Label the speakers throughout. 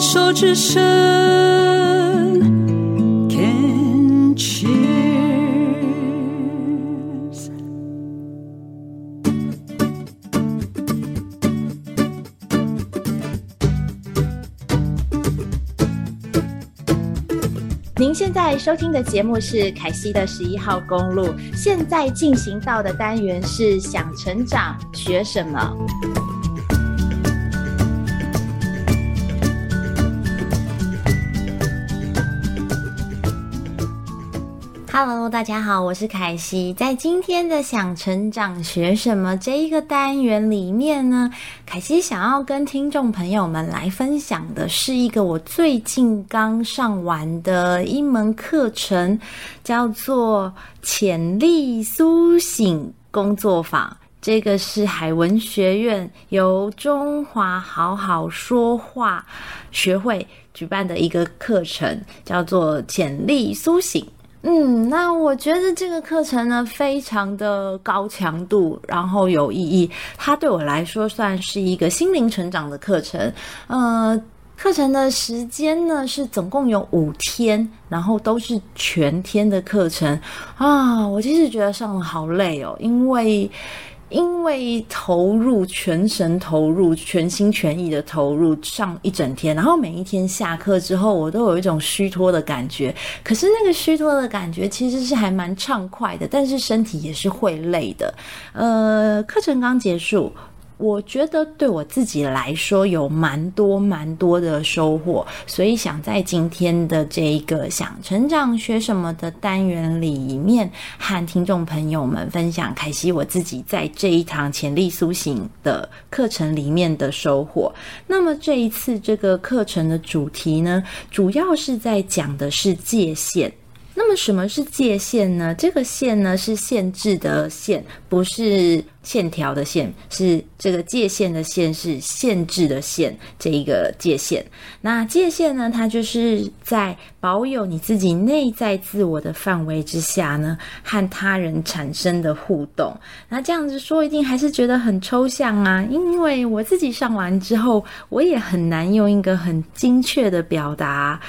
Speaker 1: 手指聲，can cheers。您現在收聽的節目是凱西的十一號公路，現在進行到的單元是想成長，學什麼？Hello，大家好，我是凱西。在今天的“想成長學什麼”這一個單元裡面呢，凱西想要跟聽眾朋友們來分享的是一個我最近剛上完的一門課程，叫做“潛力甦醒工作坊”。這個是海文學院由中華好好說話學會舉辦的一個課程，叫做“潛力甦醒”。嗯，那我覺得這個課程呢，非常的高強度，然後有意義。它對我來說算是一個心靈成長的課程。呃，課程的時間呢，是總共有五天，然後都是全天的課程啊。我其實覺得上得好累哦，因為。因為投入，全神投入，全心全意的投入上一整天，然後每一天下課之後，我都有一種虛脫的感覺。可是那個虛脫的感覺其實是還蠻暢快的，但是身體也是會累的。呃，課程剛結束。我覺得對我自己來說有蠻多蠻多的收穫，所以想在今天的這一個想成長學什麼的單元裡面，和聽眾朋友們分享凱西我自己在這一堂潛力甦醒的課程裡面的收穫。那麼這一次這個課程的主題呢，主要是在講的是界限。那麼什麼是界限呢？這個限呢，是限制的限，不是線條的線，是這個界限的限，是限制的限，這一個界限。那界限呢，它就是在保有你自己內在自我的範圍之下呢，和他人產生的互動。那這樣子說，一定還是覺得很抽象啊，因為我自己上完之後，我也很難用一個很精確的表達。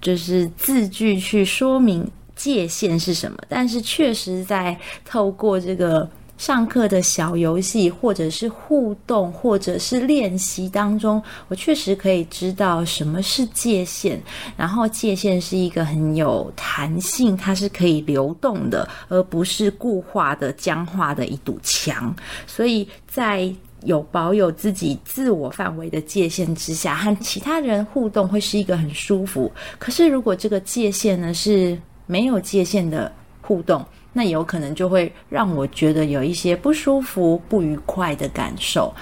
Speaker 1: 就是字句去說明界限是什麼，但是確實在透過這個上課的小遊戲，或者是互動，或者是練習當中，我確實可以知道什麼是界限。然後，界限是一個很有彈性，它是可以流動的，而不是固化的、僵化的一堵牆。所以在有保有自己自我範圍的界限之下，和其他人互動會是一個很舒服。可是，如果這個界限呢是沒有界限的互動，那有可能就會讓我覺得有一些不舒服、不愉快的感受。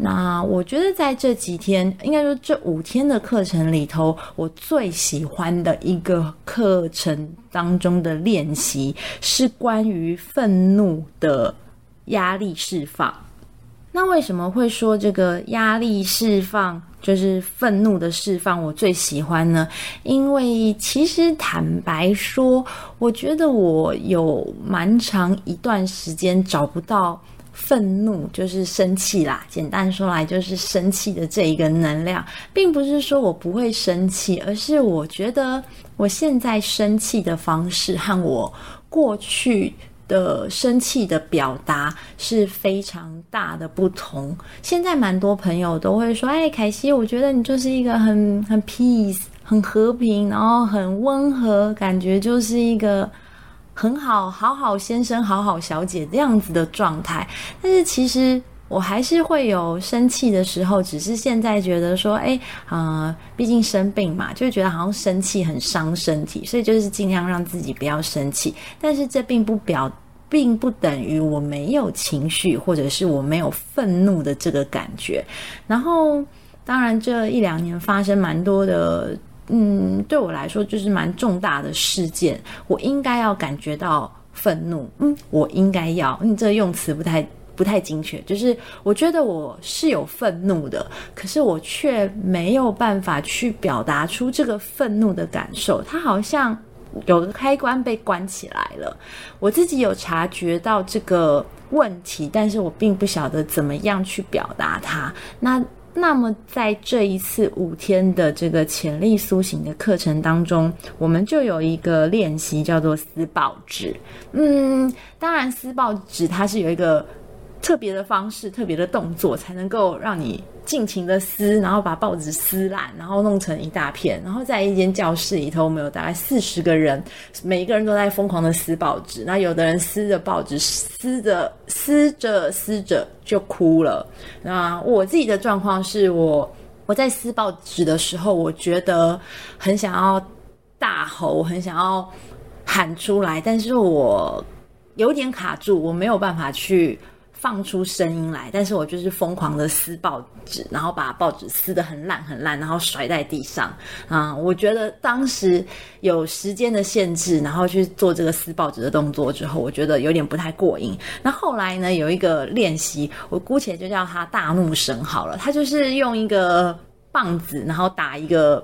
Speaker 1: 那我覺得在這幾天，應該說這五天的課程裡頭，我最喜歡的一個課程當中的練習是關於憤怒的壓力釋放。那為什麼會說這個壓力釋放就是憤怒的釋放？我最喜歡呢，因為其實坦白說，我覺得我有蠻長一段時間找不到憤怒，就是生氣啦。簡單說來，就是生氣的這一個能量，並不是說我不會生氣，而是我覺得我現在生氣的方式和我過去。的生氣的表達是非常大的不同。現在蠻多朋友都會說：“哎、欸，凱西，我覺得你就是一個很很 peace、很和平，然後很溫和，感覺就是一個很好、好好先生、好好小姐這樣子的狀態。”但是其實。我還是會有生氣的時候，只是現在覺得說，誒、哎，呃，畢竟生病嘛，就覺得好像生氣很傷身體，所以就是盡量讓自己不要生氣。但是這並不表，並不等於我沒有情緒，或者是我沒有憤怒的這個感覺。然後，當然，這一兩年發生蠻多的，嗯，對我來說就是蠻重大的事件，我應該要感覺到憤怒。嗯，我應該要，嗯，這用詞不太，不太精確，就是我覺得我是有憤怒的，可是我卻沒有辦法去表達出這個憤怒的感受，它好像有個開關被關起來了。我自己有察覺到這個問題，但是我並不曉得怎麼樣去表達它。那那麼在這一次五天的這個潛力甦醒的課程當中，我們就有一個練習叫做撕報紙。嗯，當然撕報紙它是有一個。特別的方式，特別的動作才能夠讓你盡情的撕，然後把報紙撕爛，然後弄成一大片。然後在一間教室裡頭，我們有大概四十個人，每一個人都在瘋狂的撕報紙。那有的人撕着報紙，撕着撕着撕着就哭了。那我自己的狀況是我我在撕報紙的時候，我覺得很想要大吼，很想要喊出來，但是我有點卡住，我沒有辦法去。放出聲音來，但是我就是瘋狂的撕報紙，然後把報紙撕得很爛很爛，然後甩在地上。啊，我覺得當時有時間的限制，然後去做這個撕報紙的動作之後，我覺得有點不太過癮。那後來呢，有一個練習，我姑且就叫他大怒神好了，他就是用一個棒子，然後打一個。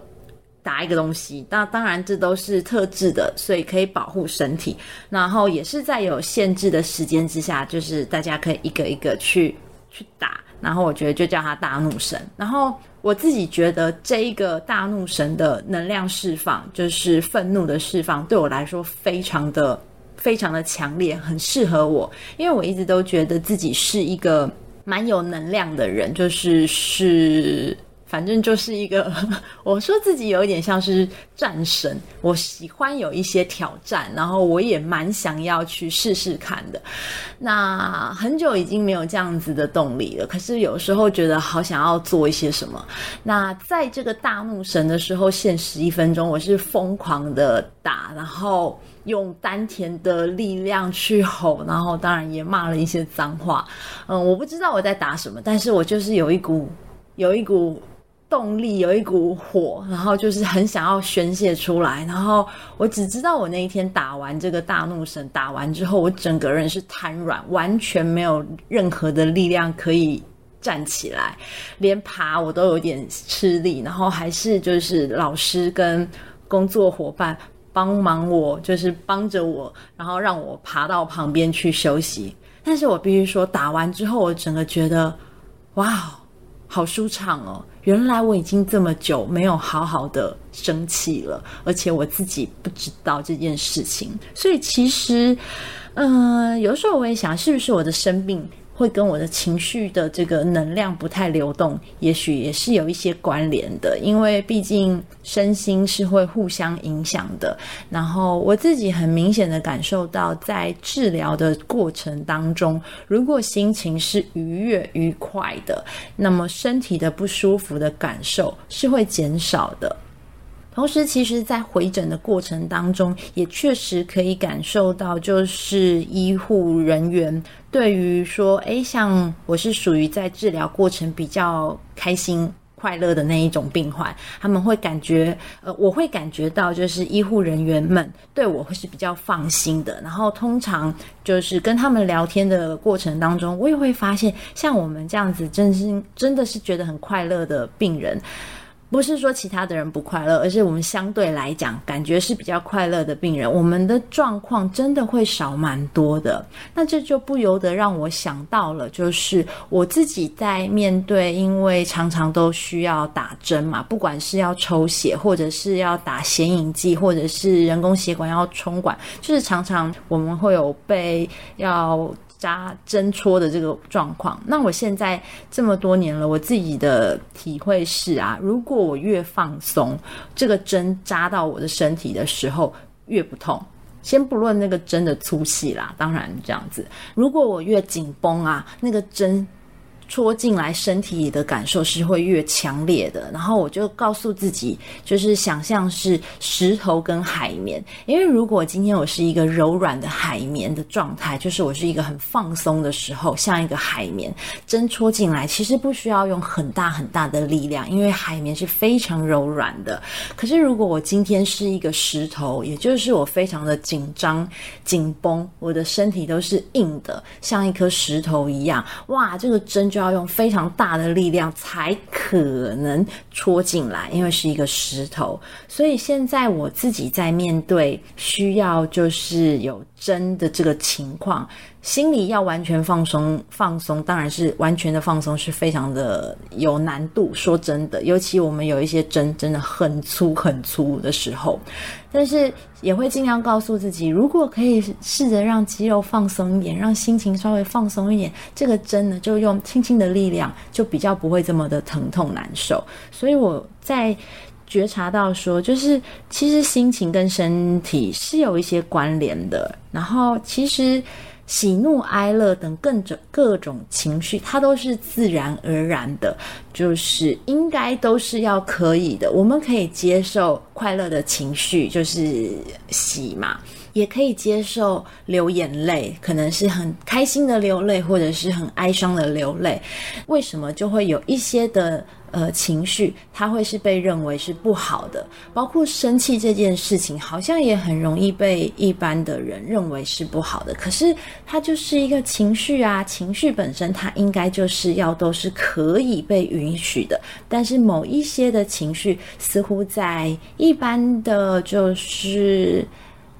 Speaker 1: 打一個東西，那當然這都是特製的，所以可以保護身體。然後也是在有限制的時間之下，就是大家可以一個一個去去打。然後我覺得就叫他大怒神。然後我自己覺得這一個大怒神的能量釋放，就是憤怒的釋放，對我來說非常的非常的強烈，很適合我。因為我一直都覺得自己是一個蠻有能量的人，就是是。反正就是一個，我說自己有點像是戰神，我喜歡有一些挑戰，然後我也蠻想要去試試看的。那很久已經沒有這樣子的動力了，可是有時候覺得好想要做一些什麼。那在這個大怒神的時候，限十一分鐘，我是瘋狂的打，然後用丹田的力量去吼，然後當然也罵了一些髒話。嗯，我不知道我在打什麼，但是我就是有一股，有一股。動力有一股火，然後就是很想要宣洩出來。然後我只知道，我那一天打完這個大怒神，打完之後我整個人是癱軟，完全沒有任何的力量可以站起來，連爬我都有點吃力。然後還是就是老師跟工作夥伴幫忙我，就是幫着我，然後讓我爬到旁邊去休息。但是我必須說，打完之後我整個覺得，哇！好舒暢哦！原來我已經這麼久沒有好好的生氣了，而且我自己不知道這件事情。所以其實，嗯、呃，有時候我也想，是不是我的生病會跟我的情緒的這個能量不太流動，也許也是有一些關聯的，因為畢竟身心是會互相影響的，然後我自己很明顯的感受到，在治療的過程當中，如果心情是愉悅愉快的，那麼身體的不舒服的感受是會減少的。同時，其實，在回診的過程當中，也確實可以感受到，就是醫護人員對於說，誒，像我是屬於在治療過程比較開心、快樂的那一種病患，他們會感覺，呃，我會感覺到，就是醫護人員們對我會是比較放心的。然後，通常就是跟他們聊天的過程當中，我也會發現，像我們這樣子真是，真心真的是覺得很快樂的病人。不是說其他的人不快樂，而是我們相對來講感覺是比較快樂的病人。我們的狀況真的會少蠻多的，那這就不由得讓我想到了，就是我自己在面對，因為常常都需要打針嘛，不管是要抽血，或者是要打顯影劑，或者是人工血管要沖管，就是常常我們會有被要。扎針戳的這個狀況，那我現在這麼多年了，我自己的體會是啊，如果我越放鬆，這個針扎到我的身體的時候越不痛。先不論那個針的粗細啦，當然這樣子，如果我越緊繃啊，那個針。戳進來身體裡的感受是會越強烈的。然後我就告訴自己，就是想象是石頭跟海綿。因為如果今天我是一個柔軟的海綿的狀態，就是我是一個很放鬆的時候，像一個海綿，針戳進來其實不需要用很大很大的力量，因為海綿是非常柔軟的。可是如果我今天是一個石頭，也就是我非常的緊張、緊繃，我的身體都是硬的，像一顆石頭一樣。哇，這個針！就要用非常大的力量才可能戳進來，因為是一個石頭。所以現在我自己在面對需要就是有針的這個情況。心裡要完全放鬆。放鬆當然是完全的放鬆是非常的有難度，說真的，尤其我們有一些針真的很粗很粗的時候，但是也會盡量告訴自己，如果可以試着讓肌肉放鬆一點，讓心情稍微放鬆一點，這個針呢就用輕輕的力量，就比較不會這麼的疼痛難受。所以我在覺察到說，就是其實心情跟身體是有一些關聯的，然後其實。喜怒哀樂等各種各種情緒，它都是自然而然的，就是應該都是要可以的。我們可以接受快樂的情緒，就是喜嘛。也可以接受流眼淚，可能是很開心的流淚，或者是很哀傷的流淚。為什麼就會有一些的呃情緒，它會是被認為是不好的？包括生氣這件事情，好像也很容易被一般的人認為是不好的。可是它就是一個情緒啊，情緒本身它應該就是要都是可以被允許的。但是某一些的情緒，似乎在一般的就是。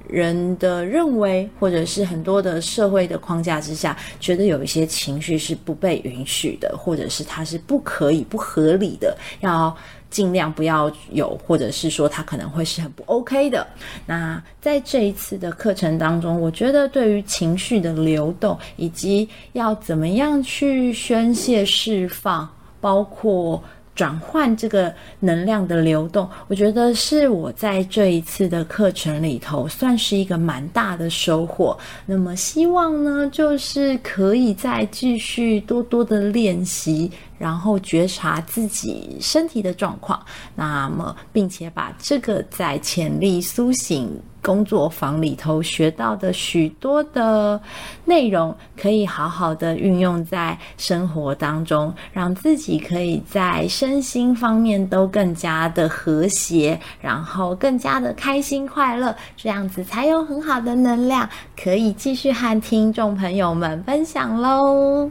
Speaker 1: 人的認為，或者是很多的社會的框架之下，覺得有一些情緒是不被允許的，或者是它是不可以、不合理的，要盡量不要有，或者是說它可能會是很不 OK 的。那在這一次的課程當中，我覺得對於情緒的流動以及要怎麼樣去宣泄釋放，包括轉換這個能量的流動，我覺得是我在這一次的課程裡頭算是一個蠻大的收穫。那麼，希望呢，就是可以再繼續多多的練習，然後覺察自己身體的狀況，那麼，並且把這個在潛力甦醒工作坊裡頭學到的許多的內容，可以好好的運用在生活當中，讓自己可以在身心方面都更加的和諧，然後更加的開心快樂，這樣子才有很好的能量，可以繼續和聽眾朋友們分享嘍。